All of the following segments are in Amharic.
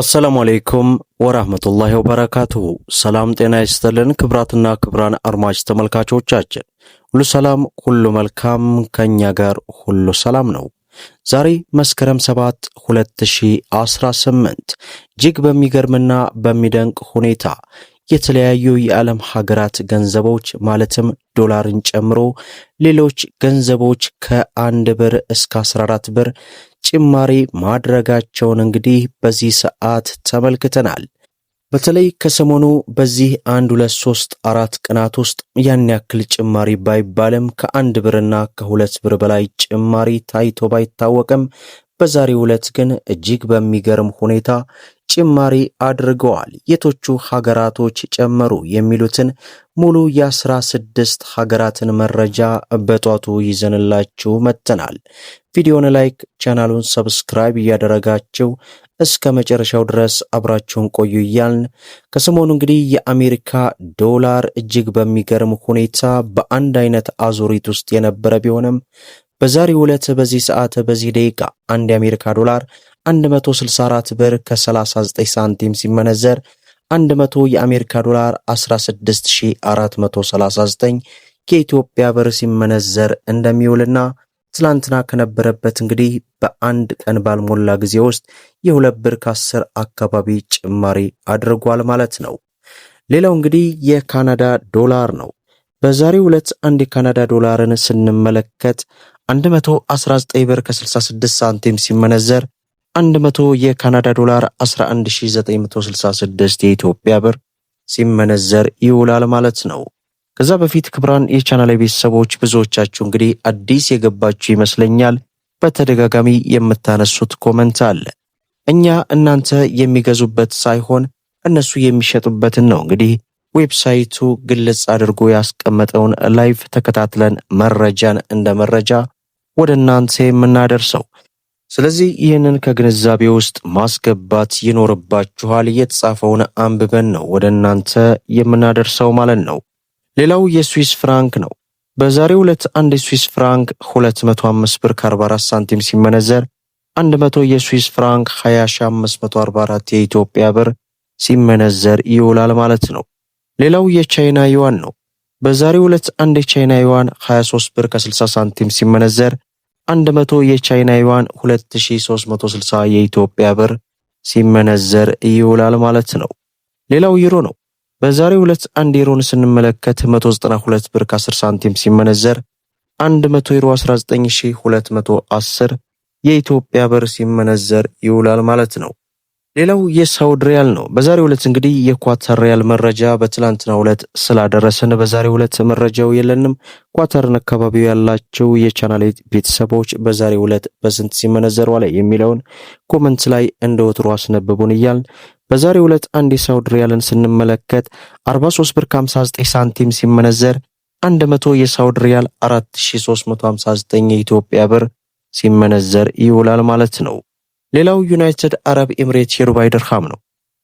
አሰላሙ አለይኩም ወራህመቱላሂ ወበረካቱሁ። ሰላም ጤና ይስጥልን። ክብራትና ክብራን አድማጭ ተመልካቾቻችን ሁሉ ሰላም፣ ሁሉ መልካም፣ ከኛ ጋር ሁሉ ሰላም ነው። ዛሬ መስከረም 7 2018 እጅግ በሚገርምና በሚደንቅ ሁኔታ የተለያዩ የዓለም ሀገራት ገንዘቦች ማለትም ዶላርን ጨምሮ ሌሎች ገንዘቦች ከአንድ ብር እስከ 14 ብር ጭማሪ ማድረጋቸውን እንግዲህ በዚህ ሰዓት ተመልክተናል። በተለይ ከሰሞኑ በዚህ አንድ ሁለት ሶስት አራት ቀናት ውስጥ ያን ያክል ጭማሪ ባይባልም ከአንድ ብርና ከሁለት ብር በላይ ጭማሪ ታይቶ ባይታወቅም በዛሬው ዕለት ግን እጅግ በሚገርም ሁኔታ ጭማሪ አድርገዋል። የቶቹ ሀገራቶች ጨመሩ የሚሉትን ሙሉ የአስራ ስድስት ሀገራትን መረጃ በጧቱ ይዘንላችሁ መጥተናል። ቪዲዮን ላይክ፣ ቻናሉን ሰብስክራይብ እያደረጋችሁ እስከ መጨረሻው ድረስ አብራችሁን ቆዩ እያልን ከሰሞኑ እንግዲህ የአሜሪካ ዶላር እጅግ በሚገርም ሁኔታ በአንድ አይነት አዙሪት ውስጥ የነበረ ቢሆንም በዛሬው ዕለት በዚህ ሰዓት በዚህ ደቂቃ አንድ የአሜሪካ ዶላር 164 ብር ከ39 ሳንቲም ሲመነዘር 100 የአሜሪካ ዶላር 16439 ከኢትዮጵያ ብር ሲመነዘር እንደሚውልና ትላንትና ከነበረበት እንግዲህ በአንድ ቀን ባልሞላ ጊዜ ውስጥ የሁለት ብር ከአስር አካባቢ ጭማሪ አድርጓል ማለት ነው። ሌላው እንግዲህ የካናዳ ዶላር ነው። በዛሬው ዕለት አንድ የካናዳ ዶላርን ስንመለከት 119 ብር ከ66 ሳንቲም ሲመነዘር 100 የካናዳ ዶላር 11966 የኢትዮጵያ ብር ሲመነዘር ይውላል ማለት ነው። ከዛ በፊት ክብራን የቻናል ቤተሰቦች ብዙዎቻችሁ እንግዲህ አዲስ የገባችሁ ይመስለኛል። በተደጋጋሚ የምታነሱት ኮመንት አለ። እኛ እናንተ የሚገዙበት ሳይሆን እነሱ የሚሸጡበትን ነው። እንግዲህ ዌብሳይቱ ግልጽ አድርጎ ያስቀመጠውን ላይቭ ተከታትለን መረጃን እንደ መረጃ ወደ እናንተ የምናደርሰው። ስለዚህ ይህንን ከግንዛቤ ውስጥ ማስገባት ይኖርባችኋል። የተጻፈውን አንብበን ነው ወደ እናንተ የምናደርሰው ማለት ነው። ሌላው የስዊስ ፍራንክ ነው። በዛሬው ዕለት አንድ የስዊስ ፍራንክ 205 ብር ከ44 ሳንቲም ሲመነዘር 100 የስዊስ ፍራንክ 20544 የኢትዮጵያ ብር ሲመነዘር ይውላል ማለት ነው። ሌላው የቻይና ዩዋን ነው። በዛሬው ዕለት አንድ የቻይና ዩዋን 23 ብር ከ60 ሳንቲም ሲመነዘር 100 የቻይና ዩዋን 2360 የኢትዮጵያ ብር ሲመነዘር ይውላል ማለት ነው። ሌላው ዩሮ ነው። በዛሬው ዕለት አንድ ዩሮን ስንመለከት 192 ብር ከ10 ሳንቲም ሲመነዘር 100 ዩሮ 19210 የኢትዮጵያ ብር ሲመነዘር ይውላል ማለት ነው። ሌላው የሳውድ ሪያል ነው። በዛሬው ዕለት እንግዲህ የኳተር ሪያል መረጃ በትላንትናው ዕለት ስላደረሰን በዛሬው ዕለት መረጃው የለንም። ኳተርን አካባቢው ያላቸው የቻናሌ ቤተሰቦች በዛሬው ዕለት በስንት ሲመነዘሩ አለ የሚለውን ኮመንት ላይ እንደ ወትሮ አስነብቡን እያል በዛሬው ዕለት አንድ የሳውድ ሪያልን ስንመለከት 43 ብር 59 ሳንቲም ሲመነዘር 100 የሳውድ ሪያል 4359 የኢትዮጵያ ብር ሲመነዘር ይውላል ማለት ነው። ሌላው ዩናይትድ አረብ ኤምሬት የዱባይ ድርሃም ነው።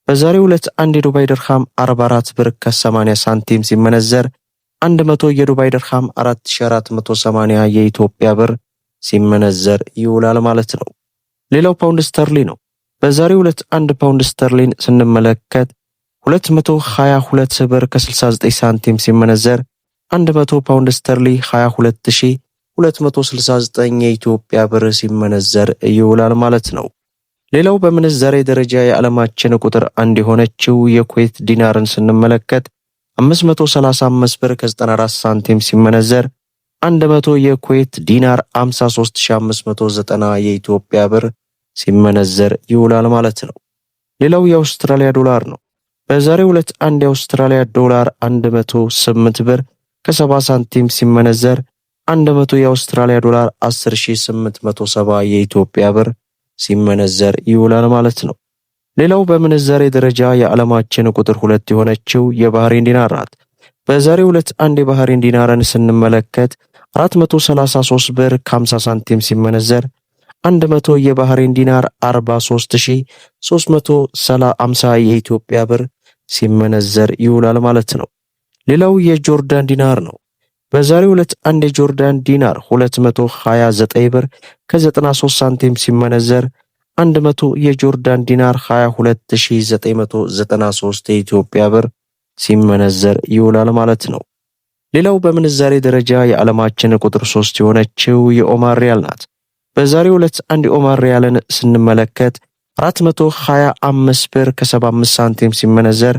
በዛሬው ዕለት አንድ የዱባይ ድርሃም 44 ብር ከ80 ሳንቲም ሲመነዘር 100 የዱባይ ድርሃም 4480 የኢትዮጵያ ብር ሲመነዘር ይውላል ማለት ነው። ሌላው ፓውንድ ስተርሊ ነው። በዛሬው ዕለት አንድ ፓውንድ ስተርሊን ስንመለከት 222 ብር ከ69 ሳንቲም ሲመነዘር 100 ፓውንድ ስተርሊ 22269 የኢትዮጵያ ብር ሲመነዘር ይውላል ማለት ነው። ሌላው በምንዛሬ ደረጃ የዓለማችን ቁጥር አንድ የሆነችው የኩዌት ዲናርን ስንመለከት 535 ብር ከ94 ሳንቲም ሲመነዘር 100 የኩዌት ዲናር 53590 የኢትዮጵያ ብር ሲመነዘር ይውላል ማለት ነው። ሌላው የአውስትራሊያ ዶላር ነው። በዛሬው ዕለት አንድ የአውስትራሊያ ዶላር 108 ብር ከ70 ሳንቲም ሲመነዘር 100 የአውስትራሊያ ዶላር 10870 የኢትዮጵያ ብር ሲመነዘር ይውላል ማለት ነው። ሌላው በምንዛሬ ደረጃ የዓለማችን ቁጥር ሁለት የሆነችው የባህሬን ዲናር ናት። በዛሬ ዕለት አንድ የባህሬን ዲናርን ስንመለከት 433 ብር ከ50 ሳንቲም ሲመነዘር 100 የባህሬን ዲናር 43350 የኢትዮጵያ ብር ሲመነዘር ይውላል ማለት ነው። ሌላው የጆርዳን ዲናር ነው። በዛሬው ዕለት አንድ የጆርዳን ዲናር 229 ብር ከ93 ሳንቲም ሲመነዘር 100 የጆርዳን ዲናር 22993 የኢትዮጵያ ብር ሲመነዘር ይውላል ማለት ነው። ሌላው በምንዛሬ ደረጃ የዓለማችን ቁጥር 3 የሆነችው የኦማር ሪያል ናት። በዛሬው ዕለት አንድ የኦማር ሪያልን ስንመለከት 425 ብር ከ75 ሳንቲም ሲመነዘር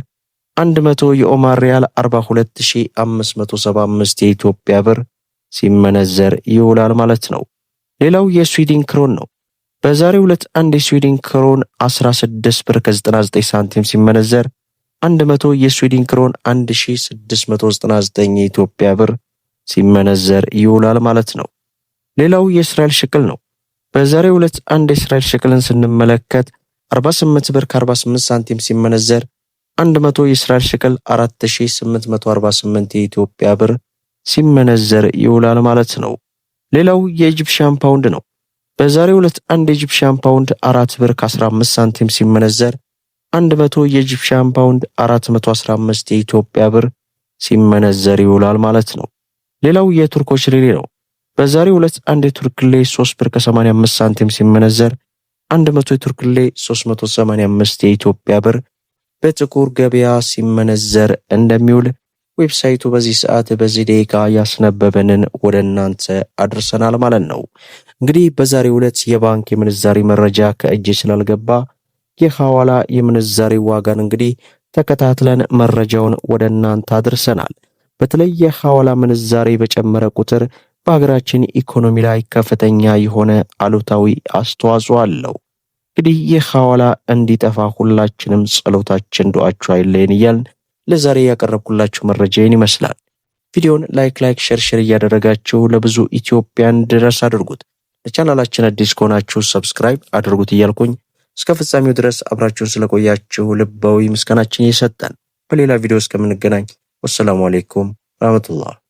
100 የኦማር ሪያል 42575 የኢትዮጵያ ብር ሲመነዘር ይውላል ማለት ነው። ሌላው የስዊድን ክሮን ነው። በዛሬው ዕለት አንድ የስዊድን ክሮን 16 ብር ከ99 ሳንቲም ሲመነዘር 100 የስዊድን ክሮን 1699 የኢትዮጵያ ብር ሲመነዘር ይውላል ማለት ነው። ሌላው የእስራኤል ሽቅል ነው። በዛሬው ዕለት አንድ የእስራኤል ሽቅልን ስንመለከት 48 ብር ከ 48 ሳንቲም ሲመነዘር 100 የእስራኤል ሸከል 4848 የኢትዮጵያ ብር ሲመነዘር ይውላል ማለት ነው። ሌላው የኢጂፕሽያን ፓውንድ ነው። በዛሬው ዕለት አንድ የኢጂፕሽያን ፓውንድ 4 ብር ከ15 ሳንቲም ሲመነዘር 100 የኢጂፕሽያን ፓውንድ 415 የኢትዮጵያ ብር ሲመነዘር ይውላል ማለት ነው። ሌላው የቱርኮች ሊሬ ነው። በዛሬው ዕለት አንድ የቱርክ ሊሬ 3 ብር ከ85 ሳንቲም ሲመነዘር 100 የቱርክ ሊሬ 385 የኢትዮጵያ ብር በጥቁር ገበያ ሲመነዘር እንደሚውል ዌብሳይቱ በዚህ ሰዓት በዚህ ደቂቃ ያስነበበንን ወደ እናንተ አድርሰናል ማለት ነው። እንግዲህ በዛሬው ዕለት የባንክ የምንዛሪ መረጃ ከእጅ ስላልገባ የሐዋላ የምንዛሪ ዋጋን እንግዲህ ተከታትለን መረጃውን ወደ እናንተ አድርሰናል። በተለይ የሐዋላ ምንዛሬ በጨመረ ቁጥር በሀገራችን ኢኮኖሚ ላይ ከፍተኛ የሆነ አሉታዊ አስተዋጽኦ አለው። እንግዲህ ይህ ሐዋላ እንዲጠፋ ሁላችንም ጸሎታችን፣ ዱዓችሁ አይለየን እያልን ለዛሬ ያቀረብኩላችሁ መረጃ ይህን ይመስላል። ቪዲዮን ላይክ ላይክ ሼር ሼር እያደረጋችሁ ለብዙ ኢትዮጵያን ድረስ አድርጉት። ለቻናላችን አዲስ ከሆናችሁ ሰብስክራይብ አድርጉት እያልኩኝ እስከ ፍጻሜው ድረስ አብራችሁን ስለቆያችሁ ልባዊ ምስጋናችን እየሰጠን በሌላ ቪዲዮ እስከምንገናኝ ወሰላሙ አሌይኩም ረህመቱላህ።